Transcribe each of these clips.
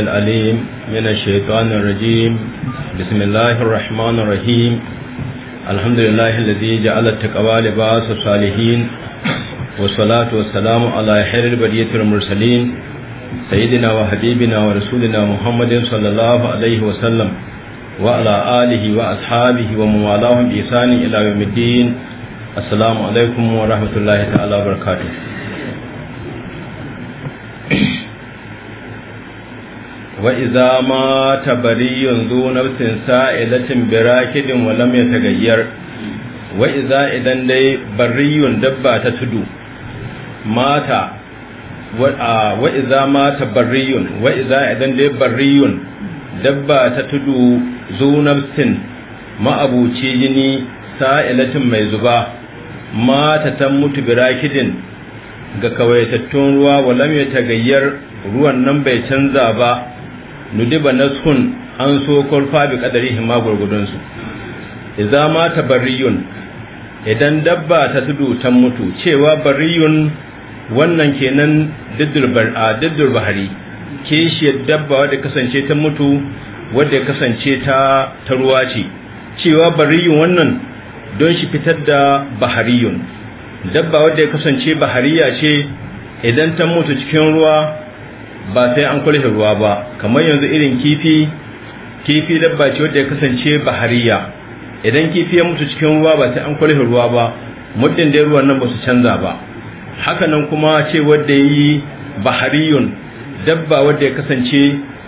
السميع العليم من الشيطان الرجيم بسم الله الرحمن الرحيم الحمد لله الذي جعل التقوى لباس الصالحين والصلاة والسلام على خير البرية المرسلين سيدنا وحبيبنا ورسولنا محمد صلى الله عليه وسلم وعلى آله وأصحابه ومن والاهم بإحسان إلى يوم الدين السلام عليكم ورحمة الله تعالى وبركاته وإذا مات بري ذو نفس سائلة براكد ولم يتغير وإذا إذن دي بري دبا تتدو مات وإذا مات بري وإذا إذن دي بري دبا تتدو ذو نفس ما أبو تيجني سائلة ميزبا براكد ga kawaitattun ruwa walam ya tagayyar ruwan nan bai canza ba nudiba naskun an so kurfa bi kadarihin ma Iza idza ma bariyun idan dabba ta tudu ta mutu cewa bariyun wannan kenan diddul bahari kishiyar dabba wadda kasance ta mutu wadda kasance ta ruwa ce cewa bariyun wannan don shi fitar da bahariyun dabba wadda kasance bahariya ce idan ta mutu cikin ruwa ba sai an kulle ruwa ba kamar yanzu irin kifi kifi dabba ce wadda ya kasance bahariya idan kifi ya mutu cikin ruwa ba sai an kulle ruwa ba muddin da ruwan nan ba su canza ba haka nan kuma ce wadda yi bahariyun dabba wadda ya kasance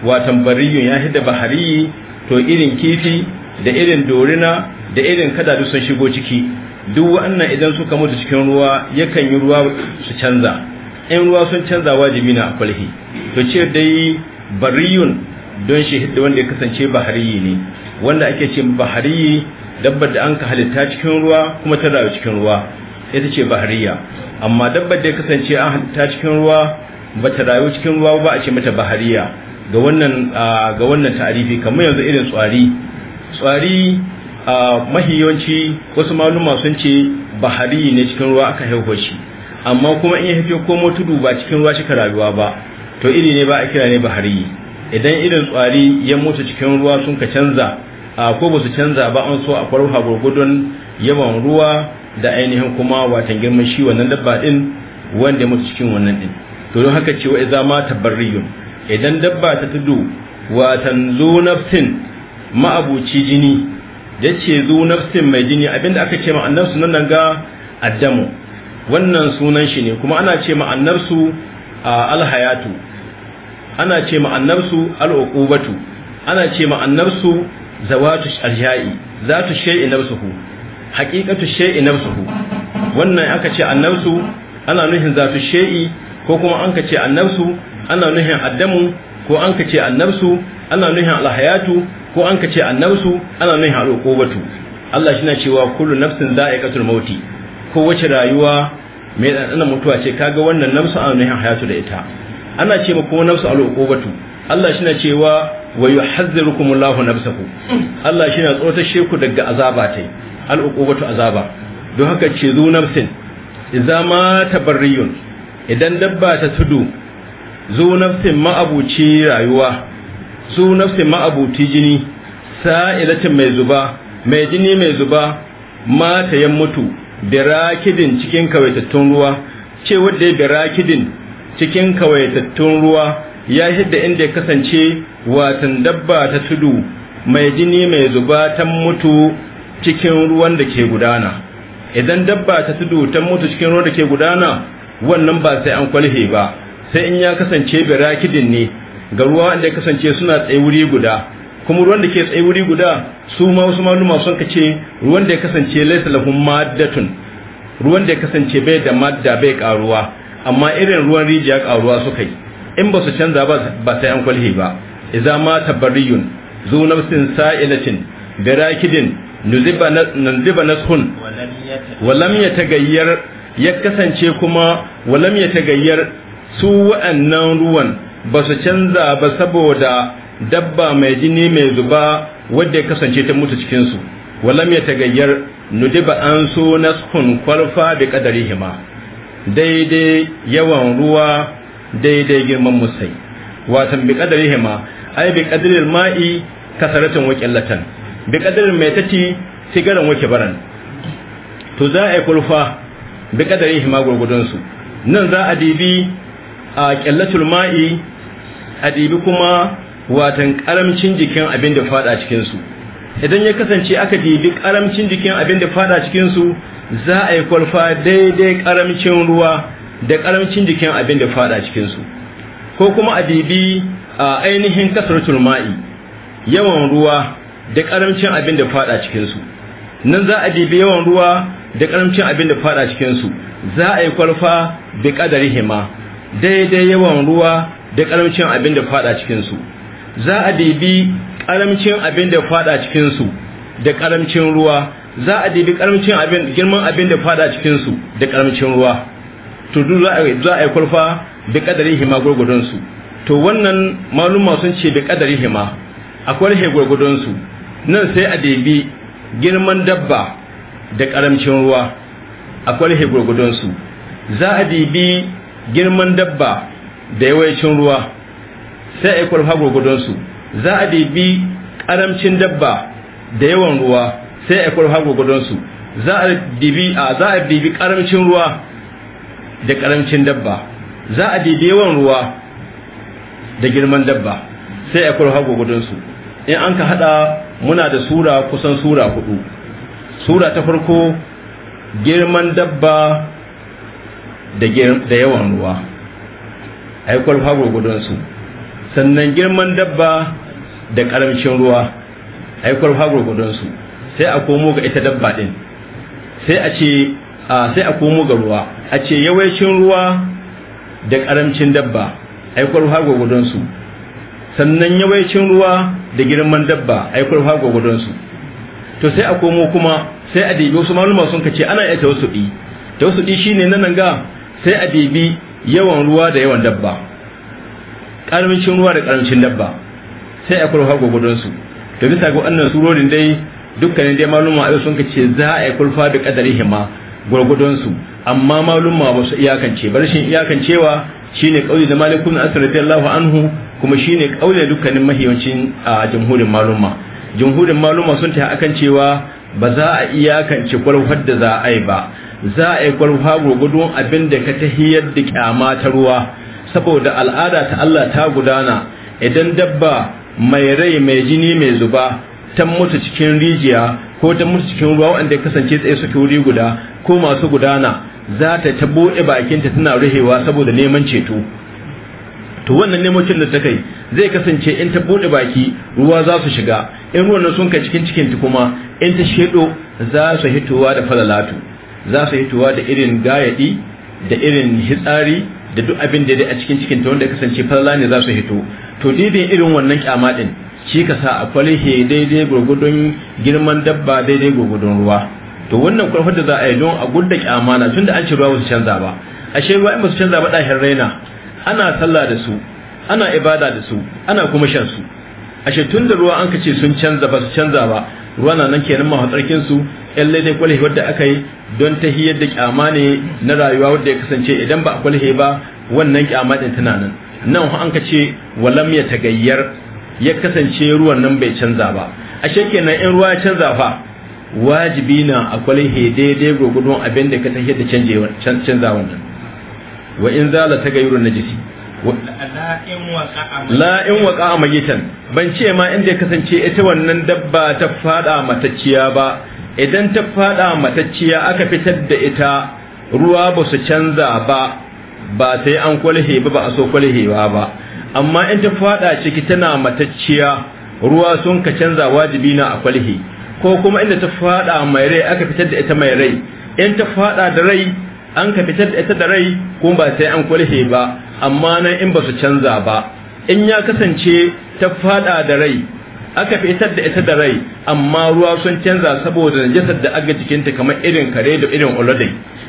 watan bariyun ya hidda bahariyi to irin kifi da irin dorina da irin kada sun shigo ciki duk wannan idan suka mutu cikin ruwa yakan yi ruwa su canza in ruwa sun canza wajibi na kwalhi to ce dai bariyun don shi wanda ya kasance bahariyi ne wanda ake ce bahariyi dabbar da an ka halitta cikin ruwa kuma ta rayu cikin ruwa ita ce bahariya amma dabbar da ya kasance an halitta cikin ruwa ba ta rayu cikin ruwa ba a ce mata bahariya ga wannan ga wannan ta'arifi kamar yanzu irin tsari tsari mahiyanci wasu maluma sun ce bahari ne cikin ruwa aka haihuwa shi amma kuma in ya fito komo tudu ba cikin ruwa shi rayuwa ba to iri ne ba a kira ne bahari idan irin tsari ya mutu cikin ruwa sun ka canza a ko ba su canza ba an so a ha gurgudun yawan ruwa da ainihin kuma watan girman shi wannan dabba din wanda ya mutu cikin wannan din to don haka cewa idza ma tabarriyun idan dabba ta tudu watan zu nafsin ma'abuci jini yace zu nafsin mai jini abinda aka ce ma annabi sunan nan ga addamu wannan sunan shi ne kuma ana ce ma'annarsu alhayatu ana ce ma'annarsu al'uqubatu ana ce ma'annarsu zawatu aljai zatu shay'in nafsuhu haqiqatu shay'in nafsuhu wannan aka ce annarsu ana nufin zatu shay'i ko kuma an ka ce annarsu ana nufin addamu ko an ka ce annarsu ana nufin alhayatu ko an ka ce annarsu ana nufin al'uqubatu Allah shi na cewa kullu nafsin za'iqatul mauti kowace rayuwa mai ɗanɗanar mutuwa ce kaga wannan namsu a nuhin hayatu da ita ana ce ma kuma namsu al'uqubatu Allah shi na cewa wa na Allahu ku. Allah shi na tsotar sheku daga azaba tai al'uqubatu azaba don haka ce zo nafsin za ma tabarriyun idan dabba ta tudu zo nafsin ma'abuci rayuwa zo nafsin ma'abuci jini sa'ilacin mai zuba mai jini mai zuba mata yan mutu birakidin cikin kawaitattun ruwa ce wanda ya birakidin cikin kawaitattun ruwa ya hidda inda ya kasance watan dabba ta tudu mai jini mai zuba ta mutu cikin ruwan da ke gudana idan dabba ta tudu ta mutu cikin ruwan da ke gudana wannan ba sai an kwalhe ba sai in ya kasance birakidin ne ga ruwa wanda ya kasance suna tsaye wuri guda kuma ruwan da ke tsaye wuri guda su ma wasu maluma sun ka ce ruwan da ya kasance laisa lahum maddatun ruwan da ya kasance bai da madda bai karuwa amma irin ruwan rijiya karuwa suka yi in ba su canza ba ba sai an kulhi ba idza ma tabarriyun zu nafsin sa'ilatin birakidin nuziba nashun walam ya ya kasance kuma walam ya gayyar su wa'annan ruwan ba su canza ba saboda dabba mai jini mai zuba wadda ya kasance ta mutu cikinsu walam ya tagayyar nudiba an so na sun kwalfa da kadari hima daidai yawan ruwa daidai girman musai watan bi kadari hima ai bi kadarin ma'i kasaratin wakillatan bi kadarin mai tati sigaran wake baran to za a yi kulfa bi kadari hima gurgudunsu nan za a dibi a kyallatul ma'i a dibi kuma watan karamcin jikin abin da fada cikin su idan ya kasance aka dibi karamcin jikin abin da fada cikin su za a yi kwalfa daidai karamcin ruwa da karamcin jikin abin da fada cikin su ko kuma a dibi a ainihin kasaratul ma'i yawan ruwa da karamcin abin da fada cikin su nan za a dibi yawan ruwa da karamcin abin da fada cikin su za a yi kwalfa bi kadarihima daidai yawan ruwa da karamcin abin da fada cikin su za a dibi karamcin abin da fada cikin su da karamcin ruwa za a dibi karamcin abin girman abin da fada cikin su da karamcin ruwa to duk za a yi kulfa da kadarin hima gurgudun su to wannan maluma sun ce da kadarin hima akwai rahe gurgudun su nan sai a dibi girman dabba da karamcin ruwa akwai rahe gurgudun su za a dibi girman dabba da yawancin ruwa sai a yi kwalfa gwargwadonsu za a debi karamcin dabba da yawan ruwa sai a yi kwalfa gwargwadonsu za a debi a za a debi karamcin ruwa da karamcin dabba za a debi yawan ruwa da girman dabba sai a yi kwalfa gwargwadonsu in an ka hada muna da sura kusan sura hudu sura ta farko girman dabba da yawan ruwa a yi kwalfa gwargwadonsu sannan girman dabba da karamcin ruwa a yi kwarfa su sai a komo ga ita dabba din sai a ce sai a komo ga ruwa a ce yawancin ruwa da karamcin dabba a yi kwarfa su. sannan yawancin ruwa da girman dabba a yi kwarfa su to sai a komo kuma sai a dibi wasu maluma sun kace ana iya wasu tawassuɗi shine nan ga sai a dibi yawan ruwa da yawan dabba karamcin ruwa da karamcin dabba sai a kurfa gwagwadon su to bisa ga wannan surorin dai dukkanin dai maluma ayo sun ce za a yi kurfa da kadari hima gwagwadon su amma maluma ba su iyakance ba rashin iyakancewa shine kauli da malikun asr radiyallahu anhu kuma shine kauli dukkanin mahiyancin a jamhurin maluma jamhurin maluma sun ta akan cewa ba za a iyakance kwarfar da za a yi ba za a yi kwarfa gwagwadon abin da ka tahiyar da kyama ta ruwa saboda al'ada ta Allah ta gudana idan dabba mai rai mai jini mai zuba ta mutu cikin rijiya ko ta mutu cikin ruwa wanda ya kasance tsaye suke wuri guda ko masu gudana za ta ta buɗe bakinta tana ruhewa saboda neman ceto to wannan nemocin da ta kai zai kasance in ta buɗe baki ruwa za su shiga in ruwan sun kai cikin cikin ta kuma in ta shedo za su hitowa da falalatu za su hitowa da irin gayadi da irin hitsari da duk abin da a cikin cikin ta wanda kasance falala ne za su hito to didin irin wannan kyama din shi ka sa a kwalhe daidai gurgudun girman dabba daidai gurgudun ruwa to wannan kwarfar da za a yi don a gudda kyama na tun da an ci ruwa su canza ba ashe ruwa in ba su canza ba ɗahin raina ana sallah da su ana ibada da su ana kuma shan su ashe tun da ruwa an kace sun canza ba su canza ba ruwa na nan kenan mahatsarkin su yalle dai kwalhe wadda aka yi don ta hiyar da kyama ne na rayuwa wadda ya kasance idan ba a kwalhe ba wannan kyama din tana nan nan an ka ce walam ya tagayyar ya kasance ruwan nan bai canza ba a na in ruwa ya canza fa wajibi na a kwalhe daidai gurgudun abin da ka ta hiyar da canza wannan wa in zala na najisi la in waka a magitan ban ce ma inda ya kasance ita wannan dabba ta fada matacciya ba idan ta fada matacciya aka fitar da ita ruwa ba su canza ba ba sai an kwalhe ba ba a so kwalhewa ba amma in ta fada ciki tana matacciya ruwa sun ka canza wajibi na a kwalhe ko kuma inda ta fada mai rai aka fitar da ita mai rai in ta fada da rai an ka fitar da ita da rai ko ba sai an kwalhe ba amma nan in ba su canza ba in ya kasance ta fada da rai aka fi isar da ita da rai amma ruwa sun canza saboda najasar da aga jikinta kamar irin kare da irin uladai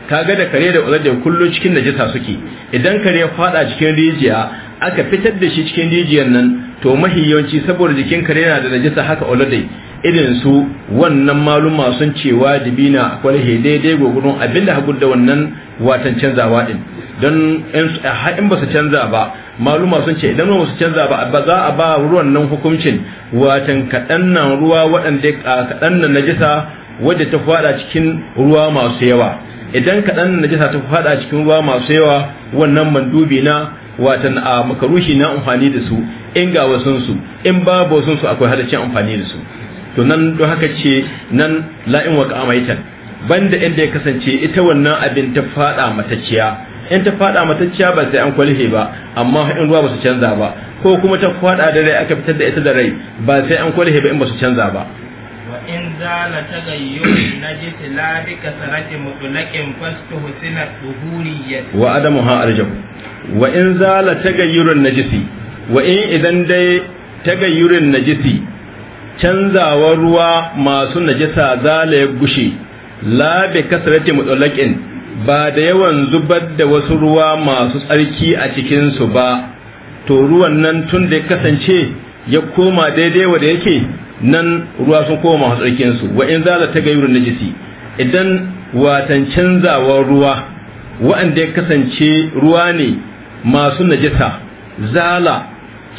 kaga da kare da uladai kullum cikin najasa suke idan kare ya fada cikin rijiya aka fitar da shi cikin rijiyar nan to mahi yawanci saboda jikin kare yana da najasa haka uladai irin su wannan maluma sun ce wajibi na kwalhe daidai gwagwaron abinda hagu da wannan watan canzawa din don in ba su canza ba maluma sun ce idan ba su canza ba za a ba ruwan nan hukuncin watan kaɗan nan ruwa waɗanda kaɗan nan najisa wadda ta fada cikin ruwa masu yawa idan kaɗan nan najisa ta fada cikin ruwa masu yawa wannan mandubi na watan a makarushi na amfani da su in ga wasun su in babu wasun su akwai halaccin amfani da su to nan don haka ce nan la'in wa ka'amaitan banda inda ya kasance ita wannan abin ta fada mataciya in ta fada matacciya ba sai an kwalhe ba amma in ruwa ba su canza ba ko kuma ta fada da rai aka fitar da ita da rai ba sai an kwalhe ba in ba su canza ba wa in zala tagayyuri najis la bika sarati mutlaqin fastu sinat duhuriyyah wa adamu ha arjab wa in zala tagayyurun najisi wa in idan dai tagayyurun najisi canzawar ruwa masu najisa zala ya gushe la bi kasrati mutlaqin ba da yawan zubar da wasu ruwa masu tsarki a cikinsu ba to ruwan nan tun da ya kasance ya koma daidai wa da yake nan ruwa sun koma masu tsarkinsu wa in zala ta gayyurin najisi idan watan canzawar ruwa wa'anda ya kasance ruwa ne masu najisa zala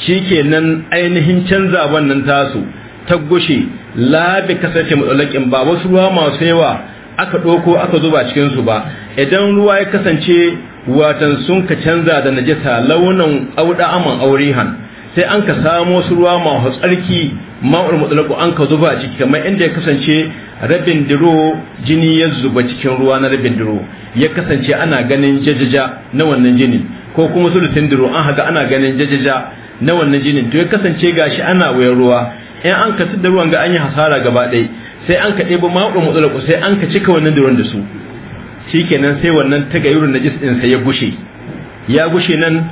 shi ke nan ainihin canza nan tasu ta gushe labi kasance matsalakin ba wasu ruwa masu yawa aka ɗauko aka zuba cikinsu ba idan ruwa ya kasance watan sun ka canza da najasa launin auɗa aman aurihan sai an ka samo su ruwa masu tsarki ma'ul mutsalaku an ka zuba ciki kamar inda ya kasance rabin diro jini ya zuba cikin ruwa na rabin diro ya kasance ana ganin jajaja na wannan jinin ko kuma sulutin diro an haka ana ganin jajaja na wannan jinin to ya kasance gashi ana wayar ruwa in an ka da ruwan ga an yi hasara gaba ɗaya sai an ka ɗebo ma'aƙon mutsalaku sai an ka cika wannan duron da su kenan sai wannan ta tagayyurin najis din sai ya gushe ya gushe nan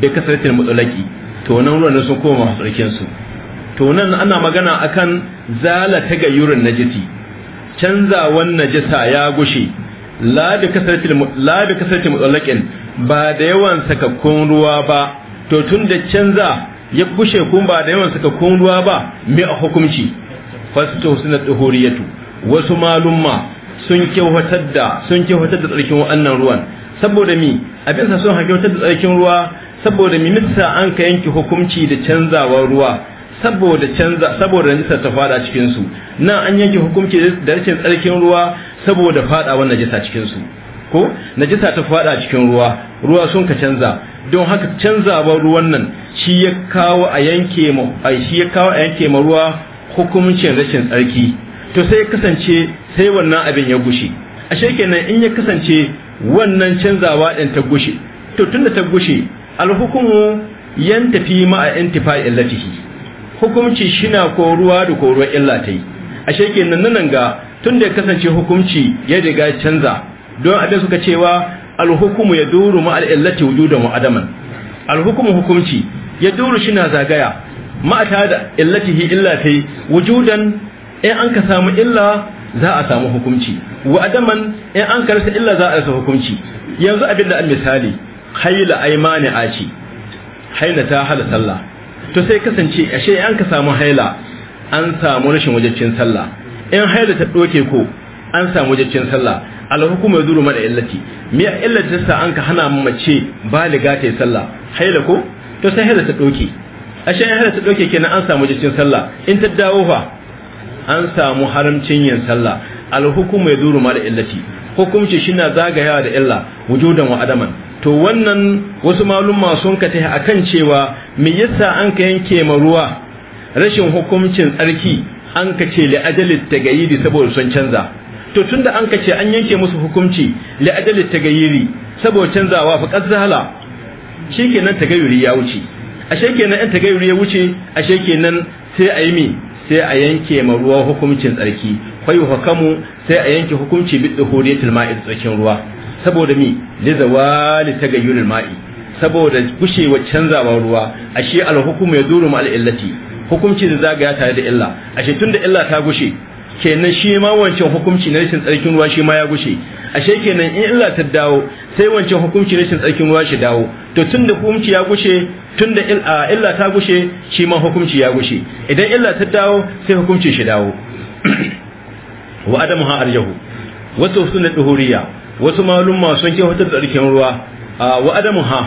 da kasaratin matsalaki to nan ruwan sun koma masu tsarkin su to nan ana magana akan zala tagayyurin najisi wannan najisa ya gushe la bi kasaratin la da kasaratin matsalakin ba da yawan sakakkun ruwa ba to tun da canza ya gushe kun ba da yawan sakakkun ruwa ba mai a hukunci fasto suna tsuhuriyatu wasu malumma sun kyautar da sun kyautar da tsarkin wannan ruwan saboda mi abin sa sun hakautar da tsarkin ruwa saboda mi misa an ka yanke hukunci da canzawar ruwa saboda canza saboda nisa ta fada cikin su nan an yanke hukunci da rashin tsarkin ruwa saboda fada wannan najisa cikin su ko najisa ta fada cikin ruwa ruwa sun ka canza don haka canzawar ruwan nan shi ya kawo a yanke ai shi ya kawo a yanke ma ruwa hukumcin rashin tsarki to sai kasance sai wannan abin ya gushe ashe kenan in ya kasance wannan canzawa din ta gushe to tunda ta gushe alhukumu yan tafi ma'a intifa illatihi hukumci shina koruwa da koruwa illa ta yi nan ga tunda ya kasance hukumci ya riga canza don abin suka cewa alhukumu ya duru ma'al illati wujudan mu adaman alhukumu hukumci ya duru shina zagaya ma da illatihi illa tai wujudan in an ka samu illa za a samu hukunci wa adaman in an rasa illa za a rasa hukunci yanzu abin da an misali haila aimani a ce haila ta hada sallah to sai kasance ashe an ka samu haila an samu rashin wajaccin sallah in haila ta doke ko an samu wajaccin sallah alhukum ya zuru mada illati me illa ta an ka hana mace baliga ta yi sallah haila ko to sai haila ta doke ashe ya hana ta ɗauke kenan an samu jikin sallah in ta dawo fa an samu haramcin yin sallah alhukum ya duru ma da illati hukunci shi na zagayawa da illa wujudan wa adaman to wannan wasu malumma sun ka ta akan cewa me yasa an ka yanke ma ruwa rashin hukumcin tsarki an ka ce li ajali tagayidi saboda sun canza to tunda an ka ce an yanke musu hukunci li ajali tagayiri saboda canzawa fa qazzahala shikenan tagayuri ya wuce ashe kenan in tagayyuri ya wuce ashe kenan sai a yi mi sai a yanke ma ruwa hukuncin tsarki fayu hukamu sai a yanke hukunci bi dhuhuriyatil ma'i tsakin ruwa saboda mi li zawali tagayyuril ma'i saboda gushewa canzawa ruwa ashe al hukumu yaduru ma al illati hukunci da zagaya tare da illa ashe tun da illa ta gushe kenan shi ma wancan hukunci na rashin tsarkin ruwa shi ma ya gushe ashe kenan in illa ta dawo sai wancan hukunci rashin tsarkin ruwa shi dawo to tunda hukunci ya gushe tunda illa ta gushe shi ma hukunci ya gushe idan illa ta dawo sai hukunci shi dawo wa adamu ha arjahu wasu sunnat duhuriya wasu malumma sun ke hutar tsarkin ruwa wa adamu ha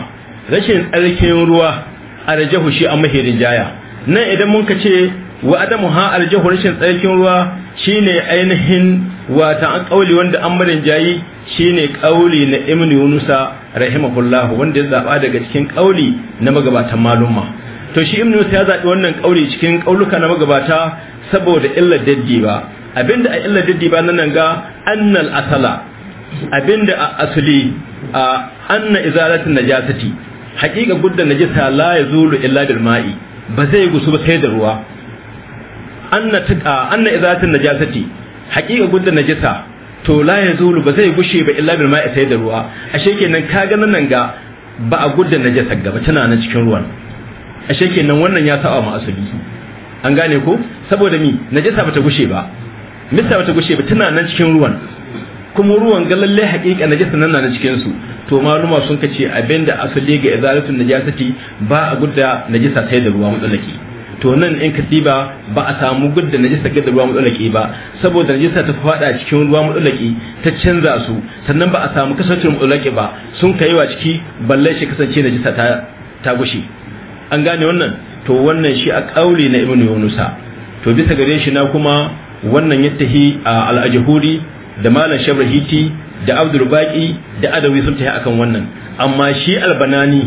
rashin tsarkin ruwa arjahu shi a mahirin jaya nan idan mun ka ce wa adamu ha aljahu rashin tsarkin ruwa shine ainihin wata an kauli wanda an jayi shine kauli na ibn yunusa rahimahullah wanda ya zaba daga cikin kauli na magabatan malumma to shi ibn yunusa ya zabi wannan kauli cikin kauluka na magabata saboda illa daddi ba abinda a illa daddi ba nan ga annal asala abinda a asali a anna izalatin najasati haqiqa gudda najasa la yazulu illa bil ma'i ba zai gusu ba sai da ruwa anna tada anna izatin najasati haqiqa gudda najasa to la yazulu ba zai gushe ba illa bil ma'i sai da ruwa ashe kenan ka ga nan ga ba a gudda najasa gaba tana nan cikin ruwan ashe kenan wannan ya saba ma asali an gane ko saboda mi najasa bata gushe ba mista bata gushe ba tana nan cikin ruwan kuma ruwan ga lalle haƙiƙa najasa nan na cikin su to maluma sun kace abinda asali ga izalatul najasati ba a gudda najasa sai da ruwa mutsalaki to nan in ka ba ba a samu gudda najisa da ruwa matsalaki ba saboda najisa ta fada cikin ruwa matsalaki ta canza su sannan ba a samu kasancin matsalaki ba sun kai wa ciki balle shi kasance najisa ta ta gushi an gane wannan to wannan shi a kauli na ibnu yunusa to bisa gare shi na kuma wannan yattahi a al-ajhuri da malam shabrahiti da abdul baqi da adawi sun tafi akan wannan amma shi albanani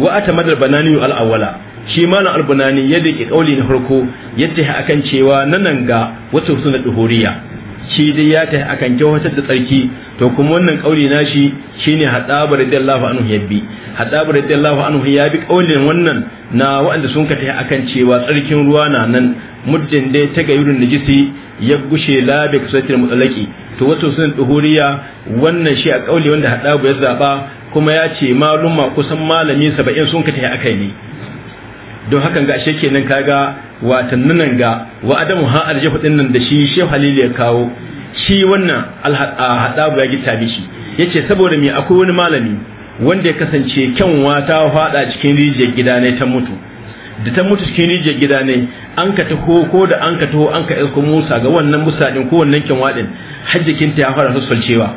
wa atamadal banani al-awwala shi malam albunani yadda ke kauli na farko ya tafi akan cewa nan ga wata na duhuriya shi dai ya tafi akan kyautar da tsarki to kuma wannan kauli na shi shine hadabar radiyallahu anhu da hadabar radiyallahu anhu ya bi kaulin wannan na waɗanda sun ka tafi akan cewa tsarkin ruwa na nan muddin dai ta gayurin najisi ya gushe labe kusatir mutsalaki to wato sunan duhuriya wannan shi a kauli wanda hadabu ya zaba kuma ya ce maluma kusan malami 70 sun ka tafi akai ne don hakan ga ashe kenan kaga watanninan ga wa adamu ha aljahu din nan da shi Sheikh Halil ya kawo shi wannan alhadabu ya gita shi yace saboda me akwai wani malami wanda ya kasance kyan ta fada cikin rijiyar gida ta mutu da ta mutu cikin rijiyar gida ne an ka taho ko da an ka taho an ka isko Musa ga wannan Musa din ko wannan kyan wadin hajjikin ta ya fara sulcewa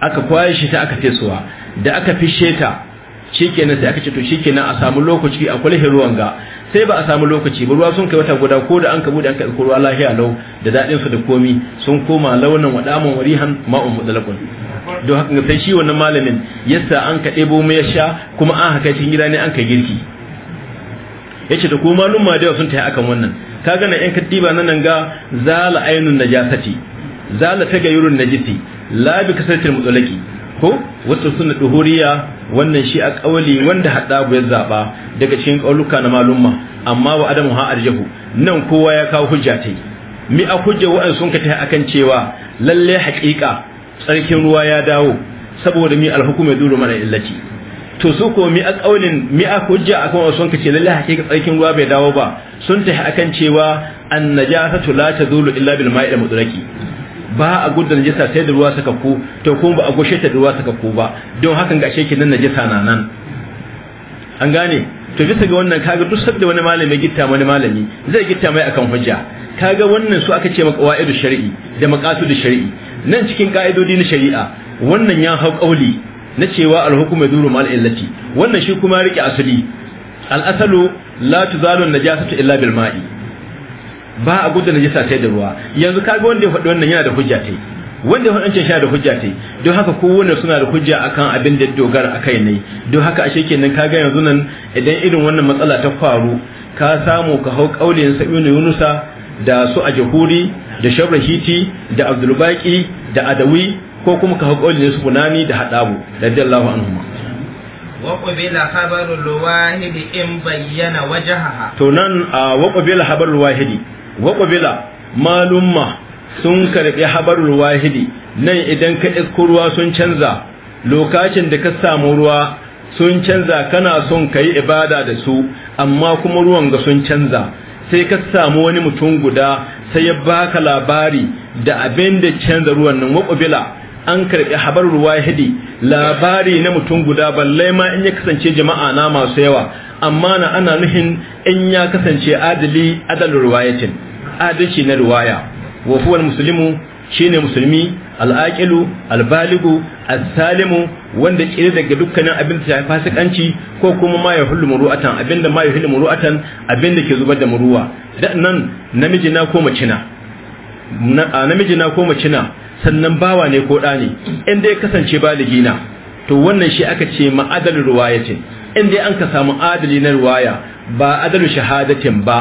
aka kwaye shi ta aka fesuwa da aka fishe ta shikenan sai aka ce to shikenan a samu lokaci a kula ruwan ga sai ba a samu lokaci ba ruwa sun kai wata guda ko da an kabu da an kai ruwa lahiya lau da daɗin su da komi sun koma launin wadamun warihan ma'un mudalakun don haka sai shi wannan malamin yasa an ka ɗebo mai sha kuma an haka cikin gida ne an ka girki yace da kuma ma da sun tayi akan wannan kaga na yan katiba nan ga zala ainun najasati zala tagayyurun najisi la bi kasatil mudalaki ko wata suna duhuriya wannan shi a kawali wanda hada ya zaba daga cikin kauluka na malumma amma wa adamu ha arjahu nan kowa ya kawo hujja ta yi mi a hujja wa'an sun ka tafi akan cewa lalle hakika tsarkin ruwa ya dawo saboda mi alhukum ya duru mana illaci to su ko mi a kaulin mi a hujja akan wa'an sun ka ce lalle haƙiƙa tsarkin ruwa bai dawo ba sun tafi akan cewa an najasatu la tazulu illa bil da mudraki ba a gudda najasa sai da ruwa saka ko to ko ba a gushe ta da ruwa saka ko ba don hakan ga sheke nan najasa na nan an gane to bisa ga wannan kaga duk sabda wani malami gitta wani malami zai gitta mai akan hujja kaga wannan su aka ce maka wa'idu shar'i da maqasidu shar'i nan cikin ka'idodi na shari'a wannan ya hau kauli na cewa al-hukmu yaduru ma'al illati wannan shi kuma rike asali al-asalu la tuzalu najasatu illa bil ma'i ba a gudu najisa sai da ruwa yanzu kaga wanda ya faɗi wannan yana da hujja tai wanda ya faɗi yana da hujja tai don haka kowanne suna da hujja akan abin da dogara akai ne don haka ashe ka kaga yanzu nan idan irin wannan matsala ta faru ka samu ka hau kaulin sa'ibnu yunusa da su a jahuri da shabrahiti da abdulbaki da adawi ko kuma ka hau kaulin su funani da hadabu radiyallahu anhuma وقبل خبر الواحد إن بين وجهها تنن وقبل خبر الواحد wa malumma sun karɓi habarul wahidi nan idan ka isko ruwa sun canza lokacin da ka samu ruwa sun canza kana son yi ibada da su amma kuma ruwan ga sun canza sai ka samu wani mutum guda sai ya baka labari da abin da canza ruwan nan wa an karɓi habarul wahidi labari na mutum guda balle ma in ya kasance jama'a na masu yawa amma na ana nuhin in ya kasance adali adalin ruwayacin adalci na ruwaya wa huwa muslimu shine musulmi al'aqilu albaligu as wanda kire daga dukkanin abin da ya fasikanci ko kuma ma ya hullu muru'atan abinda ma ya muru'atan abinda ke zubar da muruwa dan nan namiji na ko mace na namiji na ko mace sannan bawa ne ko da ne in dai kasance baligi na to wannan shi aka ce ya ruwayatin in dai an ka samu adali na ruwaya ba adalu shahadatin ba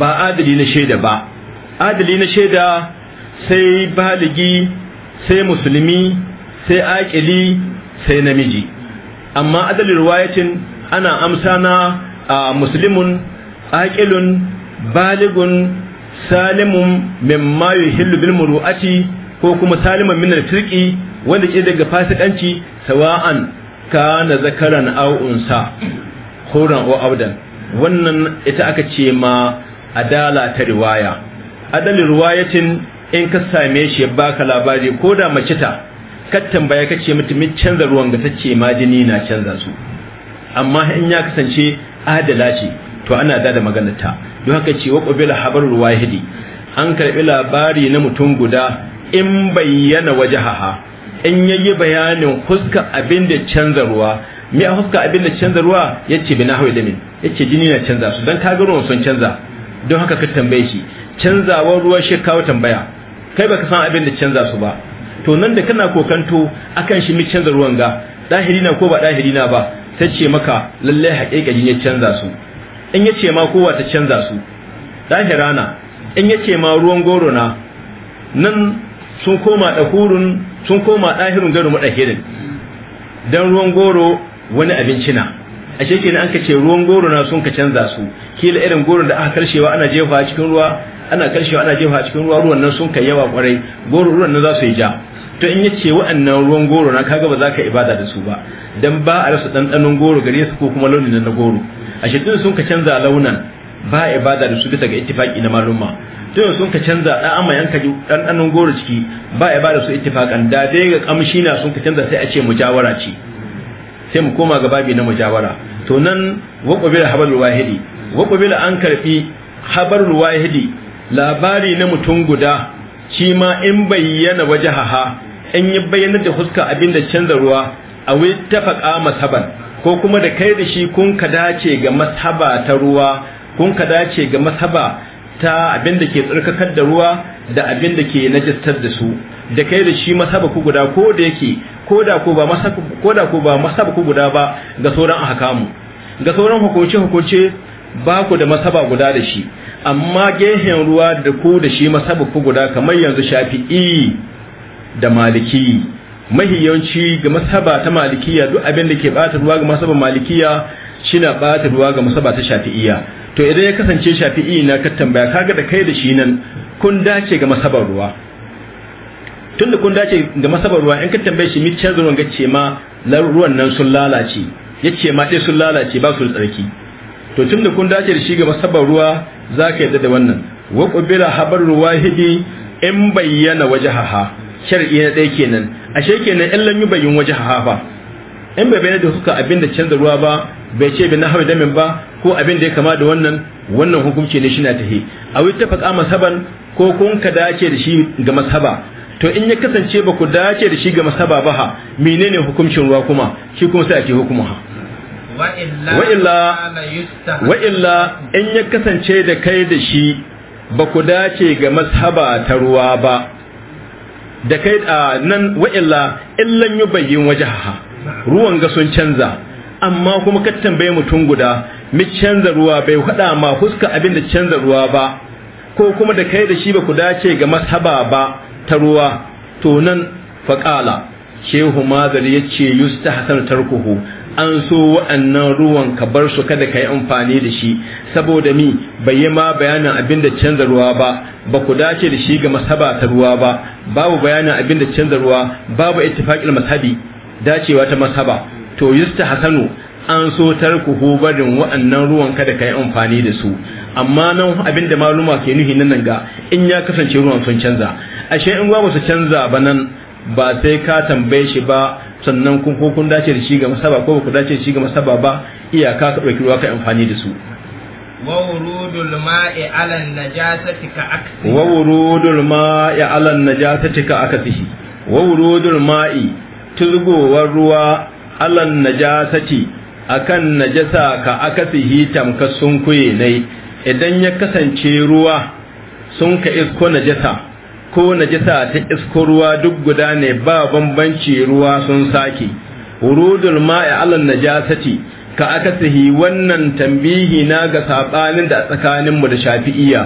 ba adali na shaida ba adali na shaida sai baligi sai musulmi sai akili sai namiji amma adali ruwayatin ana amsa na a musulmin akilun baligun salimun mimma yuhillu bil muru'ati ko kuma saliman min al wanda ke daga fasikanci sawa'an kana zakaran aw unsa huran wa wannan ita aka ce ma adala ta riwaya adali riwayatin in ka same shi ya baka labari ko da mace ta ka tambaya ka ce mutumin canza ruwan ga ma jini na canza su amma in ya kasance adala ce to ana da da maganarta don haka ce wa qabila habarul wahidi an karbi labari na mutum guda in bayyana waje haha. in yi bayanin huska abin da canza ruwa me a huska abin da canza ruwa yace bi ilimin ya yace jini na canza su dan kaga ruwan sun canza don haka ka tambaye shi canzawar ruwa shi kawo tambaya kai baka san abin da canza su ba to nan da kana kokanto akan shi mai canza ruwan ga dahiri na ko ba dahiri na ba sai ce maka lallai haƙiƙa jini ya canza su in ce ma kowa ta canza su dahirana in ce ma ruwan goro na nan sun koma da hurun sun koma ɗahirun garin maɗahirin dan ruwan goro wani abinci na ashe kenan an kace ruwan goro na sun ka canza su kila irin goro da aka karshewa ana jefa cikin ruwa ana karshewa ana jefa cikin ruwa ruwan nan sun ka yawa kwarai goro ruwan nan za su yi ja to in yace wa'annan ruwan goro na kaga ba za ka ibada da su ba dan ba a rasa dandanon goro gare su ko kuma launin na goro ashe shekin sun ka canza launan ba ibada da su bisa ga ittifaki na malumma to sun ka canza dan amma yanka dan danun goro ciki ba ya bada su ittifakan da dai ga kamshi na sun ka canza sai a ce mujawara ce sai mu koma ga babi na mujawara to nan waqabil habalul wahidi waqabil an karfi habarul wahidi labari na mutum guda shi ma in bayyana wajahaha in yi bayyana da huska da canza ruwa a wai tafaka masaban ko kuma da kai da shi kun ka dace ga masaba ta ruwa kun ka dace ga masaba ta abin da ke tsarkakar da ruwa da abin da ke najistar da su da kai da shi masaba ku guda ko da yake ko da ko ba masaba ko da ko ba masaba ku guda ba ga sauran ahkamu ga sauran hukunce hukunce ba ku da masaba guda da shi amma gehen ruwa da ku da shi masaba ku guda kamar yanzu shafi'i da maliki mahiyanci ga masaba ta malikiya duk abin da ke bata ruwa ga masaba malikiya shi bata ɓata ruwa ga musaba ta shafi'iyya to idan ya kasance shafi'i na ka tambaya kaga da kai da shi nan kun dace ga masabar ruwa tun da kun dace ga masabar ruwa in ka tambaye shi micin zuwan ga ce ma ruwan nan sun lalace ya ce ma sai eh, sun lalace ba su tsarki to tun da kun dace da shi ga masabar ruwa za ka yadda da wannan wa qubila habar ruwa hidi in bayyana wajahaha shar'i na ɗaya kenan ashe kenan in lam yubayyin wajahaha ba. in bai bayyana da suka abin da canza ruwa ba bai ce bi nahwi damin ba ko abin da ya kama da wannan wannan hukunci ne shina tahi a ta tafaka masaban ko kun ka dace da shi ga masaba to in ya kasance ba ku dace da shi ga masaba ba ha menene hukuncin ruwa kuma shi kuma sai a ce hukuma ha wa illa in ya kasance da kai da shi ba ku dace ga masaba ta ruwa ba da kai a nan wa illa illan yubayyin wajaha ruwan ga sun canza amma kuma ka tambaye mutum guda mi canza ruwa bai hada ma fuska abin da canza ruwa ba ko kuma da kai da shi ba ku dace ga mashaba ba ta ruwa to nan faqala shehu mazali yace yustahsan tarkuhu an so wa'annan ruwan ka bar su kada ka yi amfani da shi saboda mi bai yi ma bayanin abin da canza ruwa ba ba ku dace da shi ga mashaba ta ruwa ba babu bayanin abin da canza ruwa babu ittifaqil mashabi dacewa ta masaba, to yusta hasanu an so tarkuhu barin wa'annan ruwan kada ka yi amfani da su amma nan abinda maluma ke nuhi nan ga in ya kasance ruwan sun canza ashe in ba su canza ba nan ba sai ka tambaye shi ba sannan kun ko kun dace da shi ga masaba ko ku dace da shi ga masaba ba iyaka ka dauki ruwa ka amfani da su wurudul ma'i ala najasatika ka wa wurudul ma'i ala najasatika ka wa wurudul ma'i turgowar ruwa alan najasati akan najasa ka akasihi tamka kuye ne idan ya kasance ruwa sun ka isko najasa ko najasa ta isko ruwa duk guda ne ba bambanci ruwa sun sake wurudul ma'i alan najasati ka sihi wannan tambihi na ga sabanin da tsakanin mu da shafi'iyya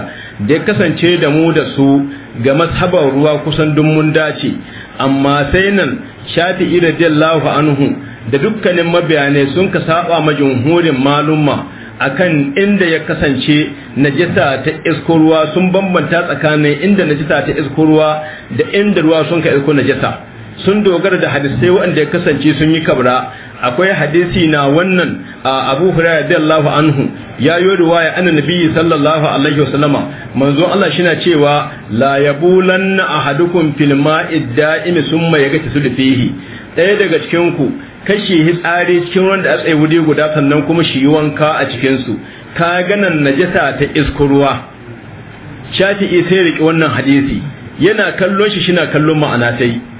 da ya kasance da mu da su ga mashabar ruwa kusan duk mun dace amma sai nan shafi'i radiyallahu anhu da dukkanin mabiyanai sun ka saba ma jumhurin malumma akan inda ya kasance najisa ta isko ruwa sun bambanta tsakanin inda najisa ta isko ruwa da inda ruwa sun ka isko najisa sun dogara da hadisai waɗanda ya kasance sun yi kabra akwai hadisi na wannan Abu Hurairah radiyallahu anhu ya yi riwaya anna nabiyyi sallallahu alaihi wasallama manzo Allah shina cewa la yabulanna ahadukum fil ma'i da'im summa yaghtasil fihi ɗaya daga cikin ku kashi hitsari cikin wanda a tsaye wuri guda sannan kuma shi wanka a cikin su ka nan najasa ta iskuruwa shafi'i sai riki wannan hadisi yana kallon shi shina kallon ma'ana sai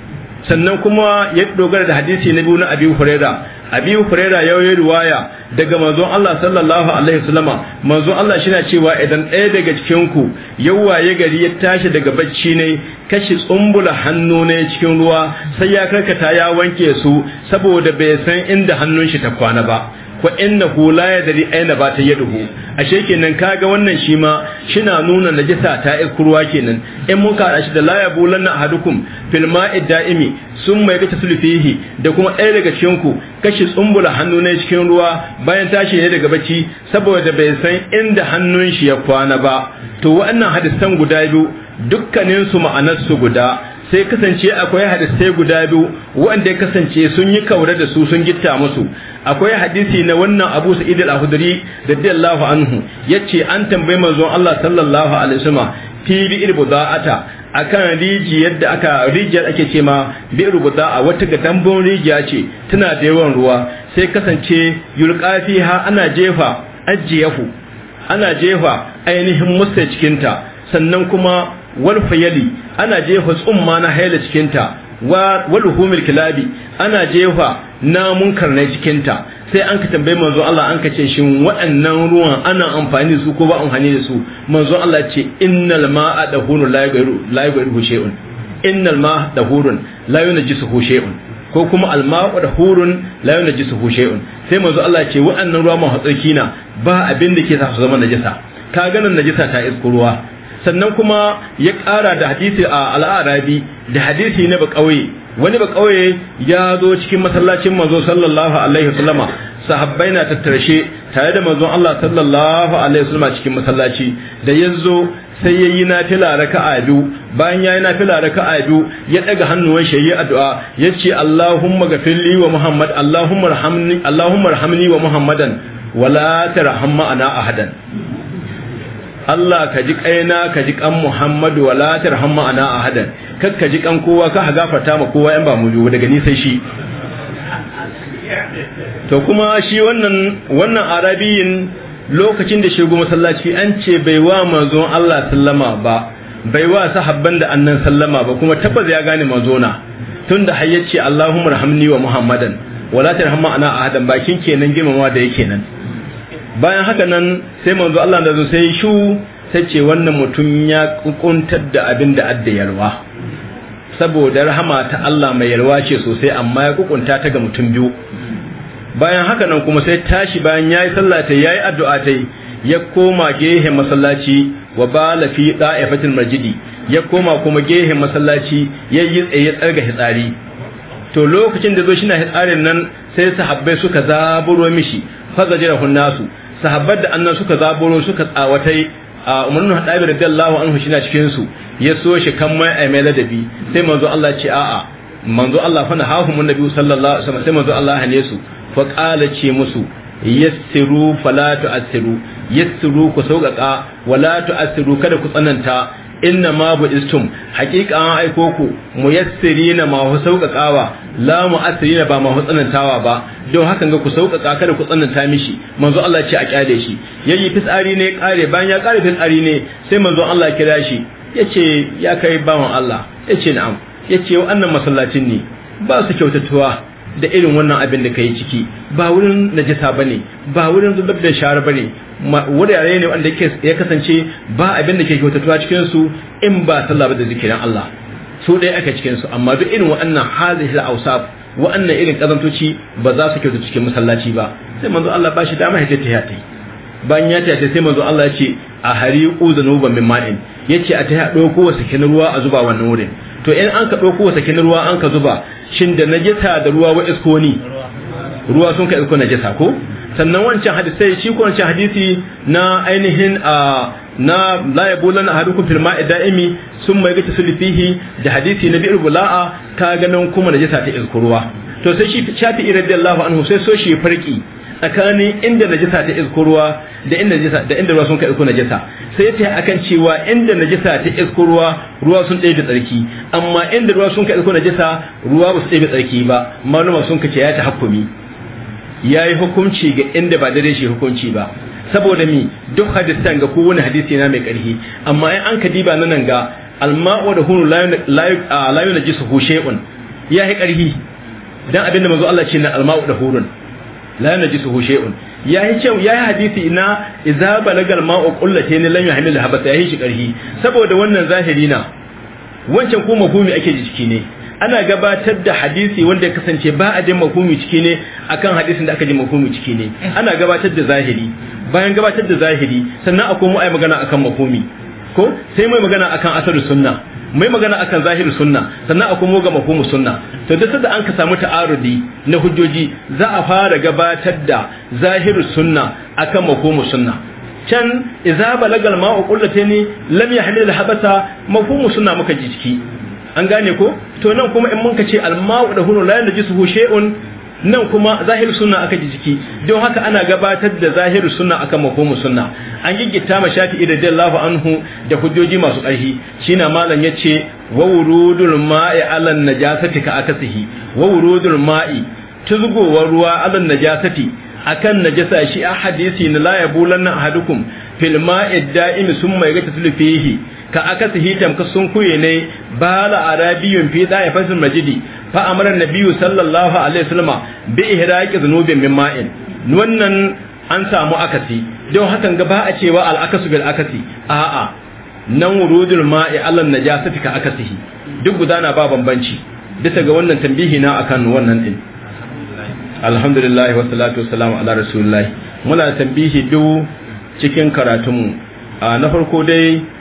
sannan kuma ya dogara da hadisi na biyu na abi huraira abi huraira ya yi riwaya daga manzon Allah sallallahu alaihi wasallama manzon Allah shi na cewa idan ɗaya daga cikin ku waye gari ya tashi daga bacci ne kashi tsumbula hannu ne cikin ruwa sai ya karkata ya wanke su saboda bai san inda hannun shi ta kwana ba wa innahu la yadri aina bata yaduhu ashe kenan kaga wannan shi ma shina nuna najasa ta ikruwa kenan in mun ka shi da la yabulanna ahadukum fil ma'i da'imi summa yakata tasulfihi da kuma ɗaya daga cikin ku kashi tsumbula hannu ne cikin ruwa bayan tashi ne daga bacci saboda bai san inda hannun shi ya kwana ba to wannan hadisan guda biyu dukkanin su ma'anar su guda sai kasance akwai hadisai guda biyu wanda ya kasance sun yi kaura da su sun gitta musu akwai hadisi na wannan Abu Sa'id al-Khudri radiyallahu anhu yace an tambaye manzon Allah sallallahu alaihi wasallam fi bi'ir buda'ata akan rijiyar yadda aka rijiyar ake ce ma bi'ir buda'a wata ga dambon rijiya ce tana da yawan ruwa sai kasance yulqafi ha ana jefa ajiyahu ana jefa ainihin musta ta sannan kuma wal fayali ana jefa tsumma na haila cikinta wal humil kilabi ana jefa namun karnai cikinta sai an ka tambayi manzo Allah an ka ce shin waɗannan ruwan ana amfani da su ko ba amfani da su manzo Allah ce innal ma'a dahurun la yughayyiru shay'un innal ma'a dahurun la yunajjisuhu shay'un ko kuma alma'u dahurun la yunajjisuhu shay'un sai manzo Allah ce waɗannan ruwa ma hatsarki na ba abin da ke sa su zama najisa ka ganin najisa ta iskuruwa ruwa sannan kuma ya ƙara da hadisi a al'arabi da hadisi na bakawai wani bakawai ya zo cikin masallacin manzo sallallahu alaihi wasallama sahabbai na tattarshe tare da manzon Allah sallallahu alaihi wasallama cikin masallaci da yanzu sai yayi nafila raka'a biyu bayan yayi nafila raka'a biyu ya daga hannuwan shi yayi addu'a yace Allahumma ghafirli wa Muhammad Allahumma arhamni Allahumma arhamni wa Muhammadan wala tarhamma ana ahadan Allah ka ji kaina ka ji kan Muhammadu wala tarham ana ahadan kar ka ji kan kowa ka gafarta ma kowa in ba mu daga ni sai shi to kuma shi wannan wannan arabiyin lokacin da shigo masallaci an ce bai wa manzon Allah sallama ba bai wa sahabban da annan sallama ba kuma tabbas ya gane manzona tunda har Allahu Allahumma rahamni wa Muhammadan wala ana a ahadan bakin kenan girmamawa da yake nan bayan haka nan sai manzo Allah da sai shu sai ce wannan mutum ya kuntar da abin da adda yalwa saboda rahama ta Allah mai yalwa ce sosai amma ya kukunta ta ga mutum biyu bayan haka nan kuma sai tashi bayan yayi sallah ta yayi addu'a ta ya koma gehe masallaci wa bala fi da'ifatil masjidi ya koma kuma gehe masallaci yayi tsaye ya tsarga hitsari to lokacin da zo shi na hitsarin nan sai sahabbai suka zaburo mishi fazajirahun nasu sahabbar da annan suka zaburo suka tsawatai a umarnin haɗabi radiyallahu anhu shi na cikinsu ya so shi kan mai a mai ladabi sai manzo Allah ce a'a manzo Allah fa na hafu mun nabi sallallahu alaihi wasallam sai manzo Allah hane su fa qala ce musu yassiru fala tu'assiru yassiru ku sauƙaƙa wala tu'assiru kada ku tsananta inna ma bu istum haƙiƙa an aiko ku muyassirina ma hu sauƙaƙawa la mu'assirina ba ma hu tsanantawa ba don hakan ga ku sauƙaƙa kada ku tsananta mishi manzo Allah ce a kyale shi yayi fitsari ne kare bayan ya kare fitsari ne sai manzo Allah kira shi yace ya kai bawan Allah yace na'am yace wa'annan masallacin ne ba su kyautatuwa da irin wannan abin da ka yi ciki ba wurin najisa ba ne ba wurin zubar da shara ba ne yare ne wanda ya kasance ba abin da ke kyautatuwa su in ba sallah ba da zikirin Allah su ɗaya aka su amma duk irin wa'annan hazihil ausa wa'annan irin kazantoci ba za su kyauta cikin masallaci ba sai manzo Allah ba shi dama ya ta yi ban ya tace sai manzo Allah ya ce a hari uzu nuba min ma'in yace a taya doko wa sakin ruwa a zuba wannan wurin to in an ka doko wa sakin ruwa an ka zuba shin da najisa da ruwa wa isko ni ruwa sun ka isko najisa ko sannan wancan hadisi shi ko wancan hadisi na ainihin a na la yabulan ahadukum fil ma'i da'imi summa yaghta sulfihi da hadisi na bi'r bula'a ka ganin kuma najisa ta isko ruwa to sai shi shafi radiyallahu anhu sai so shi farki tsakanin inda najisa ta isko ruwa da inda najisa da inda ruwa sun ka isko najisa sai ya akan cewa inda najisa ta isko ruwa ruwa sun ɗaya da tsarki amma inda ruwa sun ka isko najisa ruwa ba su ɗaya da tsarki ba malama sun ka ce ya ta hukumi ya yi hukunci ga inda ba dare shi hukunci ba saboda mi duk hadisan ga kowane hadisi na mai ƙarfi amma in an ka diba na nan ga alma'u da hunu la yunajisu shay'un ya yi ƙarfi dan abinda manzo Allah ce na alma'u da hurun la najisuhu shay'un yayi kyau yayi hadisi ina idza balagal ma'u qullati ne lam yahmil habata yayi shi karhi saboda wannan zahiri na wancan ko mafhumi ake ciki ne ana gabatar da hadisi wanda ya kasance ba a jin ciki ne akan hadisin da aka ji mafhumi ciki ne ana gabatar da zahiri bayan gabatar da zahiri sannan akwai mu magana akan mafhumi ko sai mai magana akan asarus sunna mai magana akan zahirin sunna sannan akwai moga mafhumu sunna to duk da an ka samu ta'arudi na hujjoji za a fara gabatar da zahirin sunna akan mafhumu sunna can idza balagal ma'u qullataini lam yahmil al habata mafhumu sunna muka ji ciki an gane ko to nan kuma in mun ka ce al-ma'u da hunu la yanjisu shay'un nan kuma zahiru sunna aka ji jiki don haka ana gabatar da zahiru sunna aka mafhumu sunna an giggita ma shafi da radiyallahu anhu da hujjoji masu ƙarfi shine malam yace wa wurudul ma'i alan najasati ka akasihi wa wurudul ma'i tuzgowar ruwa alan najasati akan najasa shi a hadisi na la yabulanna ahadukum fil ma'i da'im summa yaghtasil fihi ka akasi hitam ka sun kuye ne la arabiyun fi da'ifatin majidi fa amara nabiyyu sallallahu alaihi wasallam bi ihraqi dhunubin min ma'in wannan an samu akasi don hakan ga ba a cewa al akasu bil akasi a'a nan wurudul ma'i allan najasati ka akasihi duk gudana ba bambanci bisa ga wannan tambihi na akan wannan din alhamdulillah wa salatu wa salamu ala rasulillah muna tambihi duk cikin karatunmu na farko dai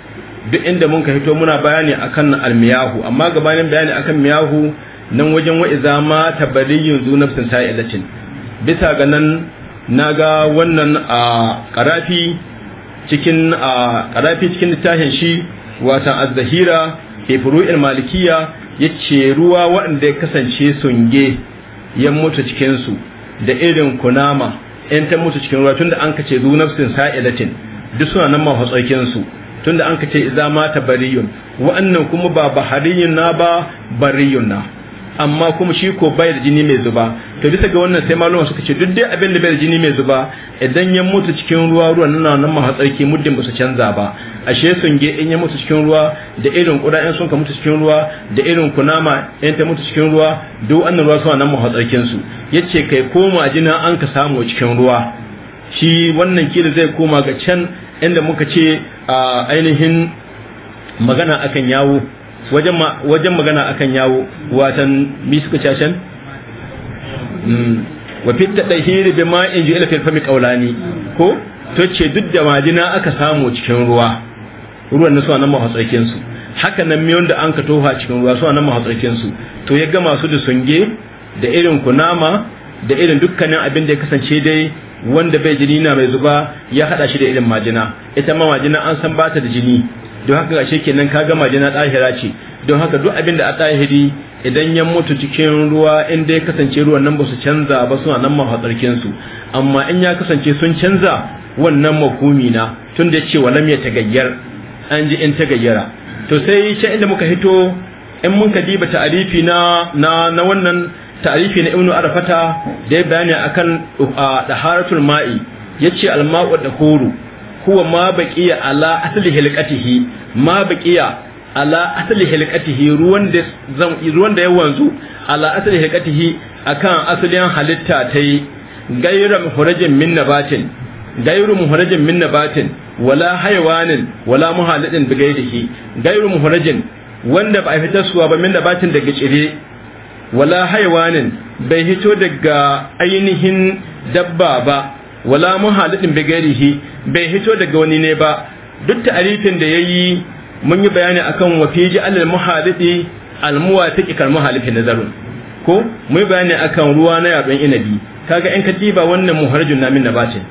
duk inda mun ka hito muna bayani akan almiyahu amma gabanin bayani akan miyahu nan wajen wa'iza ma tabaliyun zu nafsin sa'ilatin bisa ga nan naga wannan a karafi cikin a karafi cikin littafin shi wasan az-zahira fi furu'il malikiyya yace ruwa waɗanda ya kasance sunge ya mutu cikin su da irin kunama yan ta mutu cikin ruwa tunda an kace zu nafsin sa'ilatin duk suna nan ma su tunda an kace idza mata bariyun Wannan kuma ba bahariyun na ba bariyun na amma kuma shi ko bai da jini mai zuba to bisa ga wannan sai malama suka ce duk dai abin da bai da jini mai zuba idan ya mutu cikin ruwa ruwa nuna nan ma hatsarki muddin ba su canza ba ashe sun ge in ya mutu cikin ruwa da irin kuda in sun ka mutu cikin ruwa da irin kunama in ta mutu cikin ruwa duk wannan ruwa suna nan ma hatsarkin su yace kai koma jina an ka samu cikin ruwa shi wannan kila zai koma ga can inda muka ce ainihin magana akan yawo wajen magana akan yawo watan mi suka cashen mm. wa fitta dahiri bi ma'in ji ilafil fami qaulani ko to ce duk da majina aka samu cikin ruwa ruwan na suna nan mahatsarkin su haka nan miyon da an ka toha cikin ruwa suna nan mahatsarkin su to ya gama su da sunge da irin kunama da irin dukkanin abin da ya kasance dai wanda bai jini na mai zuba ya hada shi da irin majina ita ma majina an san ba ta da jini don haka gashi kenan ga majina tahira ce don haka duk abin da a tahiri idan ya mutu cikin ruwa in dai kasance ruwan nan ba su canza ba suna nan hatsarkin su amma in ya kasance sun canza wannan makumi na tun da cewa lam ya tagayyar an ji in tagayyara to sai can inda muka hito in mun ka diba ta'arifi na na wannan ta'rifi na ibnu arafata da ya bayani akan uh, daharatul ma'i yace al-ma'u dahuru huwa ma baqiya ala asli hilqatihi ma baqiya ala asli hilqatihi ruwan da zan ruwan da ya wanzu ala asli hilqatihi akan asliyan halitta tai gairu muhrajin min nabatin gairu muhrajin min nabatin wala haywanin wala muhalidin bigairihi gairu muhrajin wanda ba a fitar suwa ba min nabatin daga tsire wala haiwanin bai hito daga ainihin dabba ba wala muhalifin bigarihi bai hito daga wani ne ba duk ta'arifin da yayi mun yi bayani akan wa fi alal muhalifi almuwatiqi kal muhalifi nazaru ko mun yi bayani akan ruwa na yabon inabi kaga in katiba wannan muharrajun na min nabatin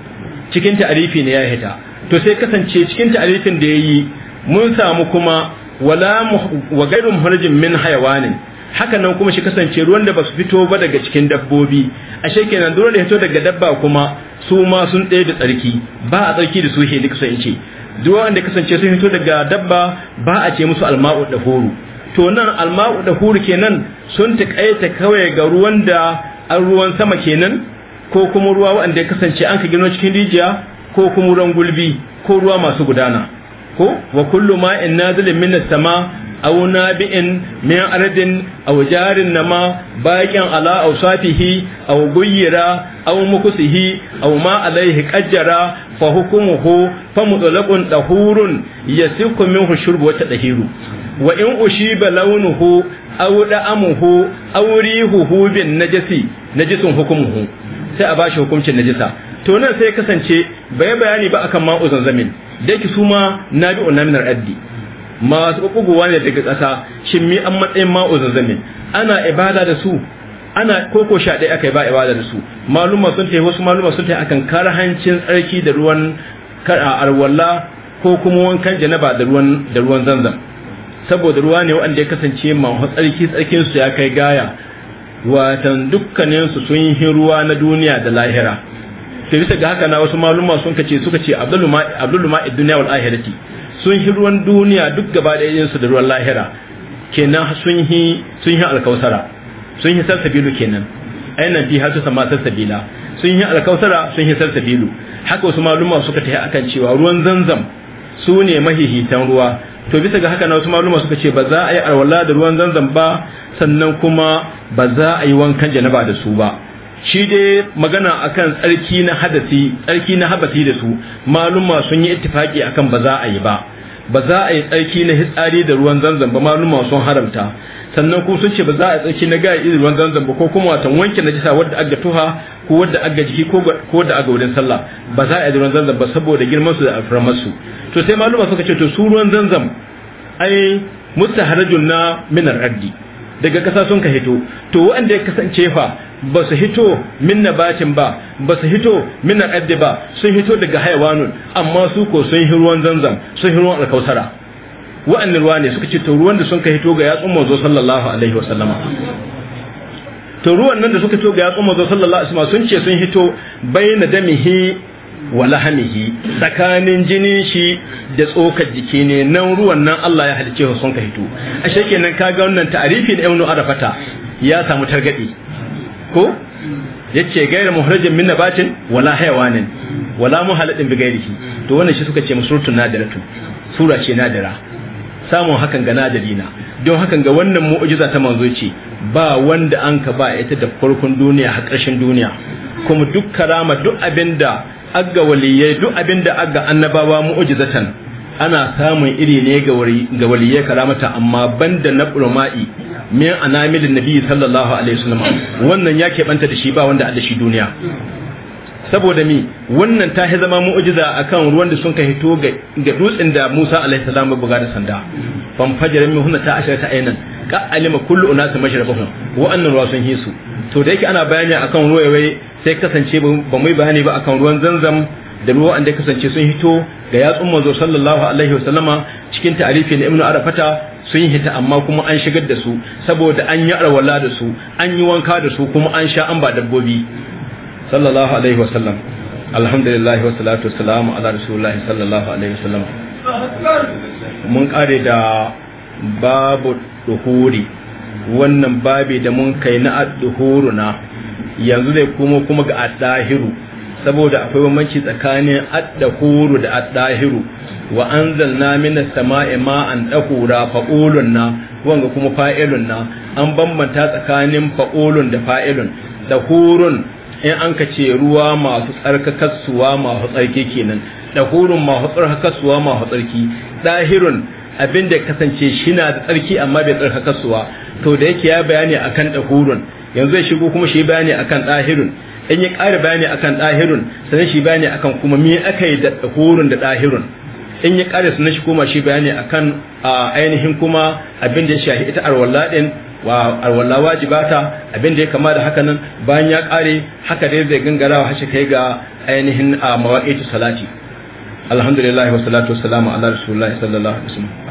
cikin ta'arifi ne ya hita to sai kasance cikin ta'arifin da yayi mun samu kuma wala wa gairu muharrajin min hayawanin hakan nan kuma shi kasance ruwan da ba fito ba daga cikin dabbobi ashe kenan dole da fito daga dabba kuma su ma sun ɗaya da tsarki ba a tsarki da su he duka sai ce duwa wanda kasance sun fito daga dabba ba a ce musu alma'u da huru to nan alma'u da huru kenan sun taƙaita kawai ga ruwan da an ruwan sama kenan ko kuma ruwa wanda ya kasance an ka gino cikin rijiya ko kuma ruwan gulbi ko ruwa masu gudana ko wa kullu ma'in nazilin minas sama aw nabi'in min ardin aw jarin nama baƙin ala awsafihi aw guyyira aw mukusihi aw ma alaihi qajjara fa hukmuhu fa mutlaqun dahurun yasiku minhu shurbu wa tadhiru wa in ushiba launuhu aw da'amuhu aw rihuhu bin najasi najisun hukmuhu sai a bashi hukuncin najisa to nan sai kasance bai bayani ba akan ma'u zanzamin da ki suma nabi'un naminar addi masu buguwa ne daga ƙasa shin mi an matsayin ma'u zanzami ana ibada da su ana koko sha ɗaya aka yi ba ibada da su maluma sun tafi wasu maluma sun tafi akan karhancin tsarki da ruwan arwalla ko kuma wankan janaba da ruwan da ruwan zanzam saboda ruwa ne wanda ya kasance mahu tsarki tsarkin su ya kai gaya watan dukkanin su sun yi ruwa na duniya da lahira sai bisa ga haka na wasu maluma sun kace suka ce abdul ma'id duniya wal akhirati sun yi ruwan duniya duk gaba yin su da ruwan lahira kenan sun yi sun yi alkausara sun yi sarsabilu kenan ainihin fi hasu sama sarsabila sun yi alkausara sun yi sarsabilu haka wasu maluma suka tafi akan cewa ruwan zanzam su ne mahihitan ruwa to bisa ga haka na wasu maluma suka ce ba za a yi alwala da ruwan zanzam ba sannan kuma ba za a yi wankan janaba da su ba shi dai magana akan tsarki na hadasi tsarki na habasi da su maluma sun yi ittifaki akan ba za a yi ba ba za a yi tsarki na hitsari da ruwan zanzan ba maluma sun haramta sannan ku sun ce ba za a yi tsarki na gaya irin ruwan zanzan ba ko kuma watan wanke na jisa wadda aga tuha ko wadda aga jiki ko wadda aga wurin sallah ba za a yi ruwan zanzan ba saboda girman su da alfarmar su to sai maluma suka ce to su ruwan zanzan ai mutaharajun na minar raddi daga kasa sun ka hito to wanda ya kasance fa ba su hito min nabatin ba ba su hito min ƙaddi ba sun hito daga haiwanun amma su ko sun yi ruwan zanzan sun yi ruwan alkausara wa'annan ruwa ne suka ce to ruwan da sun ka hito ga yatsun mazo sallallahu alaihi wa sallama to ruwan nan da suka hito ga yatsun mazo sallallahu alaihi wa sallama sun ce sun hito bayna damihi wa lahamihi tsakanin jinin shi da tsokar jiki ne nan ruwan nan Allah ya halice sun ka hito a shekenan kaga wannan ta'arifi da ibnu arafata ya samu targadi ko yace gairu muhrajin min nabatin wala hayawanin wala muhalladin bi gairihi to wannan shi suka ce musurtun nadiratun sura ce nadira samun hakan ga nadirina don hakan ga wannan mu'ujiza ta manzo ce ba wanda an ka ba ita da farkon duniya har ƙarshen duniya kuma duk karama duk abinda agga waliyai duk abinda agga annabawa mu'jizatan ana samun iri ne ga waliyai karamata amma banda na ulama'i min anamilin nabi sallallahu alaihi wasallam wannan ya banta da shi ba wanda Allah shi duniya saboda mi wannan ta zama mu'jiza akan ruwan da sun ka hito ga dutsen da Musa alaihi salam buga da sanda fam fajr min hunna ta ashara ta aynan ka alima kullu unas mashrabuhum wa annar ruwa sun hisu to da yake ana bayani akan ruwaye sai kasance ba mai bayani ba akan ruwan zanzam da ruwa an da kasance sun hito ga yatsun manzo sallallahu alaihi wasallama cikin ta'arifi na ibnu arafata sun hita amma kuma an shigar da su saboda an yi arwala da su an yi wanka da su kuma an sha an ba dabbobi sallallahu alaihi wasallam alhamdulillah wa salatu wassalamu ala rasulullah sallallahu alaihi wasallam mun kare da babu duhuri wannan babi da mun kai na ad-duhuruna yanzu zai kuma kuma ga adahiru saboda akwai bambanci tsakanin ad da adahiru wa anzalna minas sama'i ma'an dahura fa'ulunna wanga kuma fa'ilunna an bambanta tsakanin fa'ulun da fa'ilun dahurun in an ka ce ruwa masu ma masu tsarki kenan dahurun masu ma masu tsarki dahirun abin da kasance shi na da tsarki amma bai kasuwa. to da yake ya bayani akan dahurun yanzu ya shigo kuma shi bayani akan dahirun in ya ƙara bayani akan dahirun sannan shi bayani akan kuma me aka yi da dahurun da dahirun in ya kare sunan shi koma shi bayani akan ainihin kuma abin da ya shafi ita arwalla din wa arwalla wajibata abin da ya kama da haka nan bayan ya kare haka dai zai gangarawa hashe kai ga ainihin mawaqitu salati alhamdulillah wa salatu wa salamu ala rasulillahi sallallahu alaihi wasallam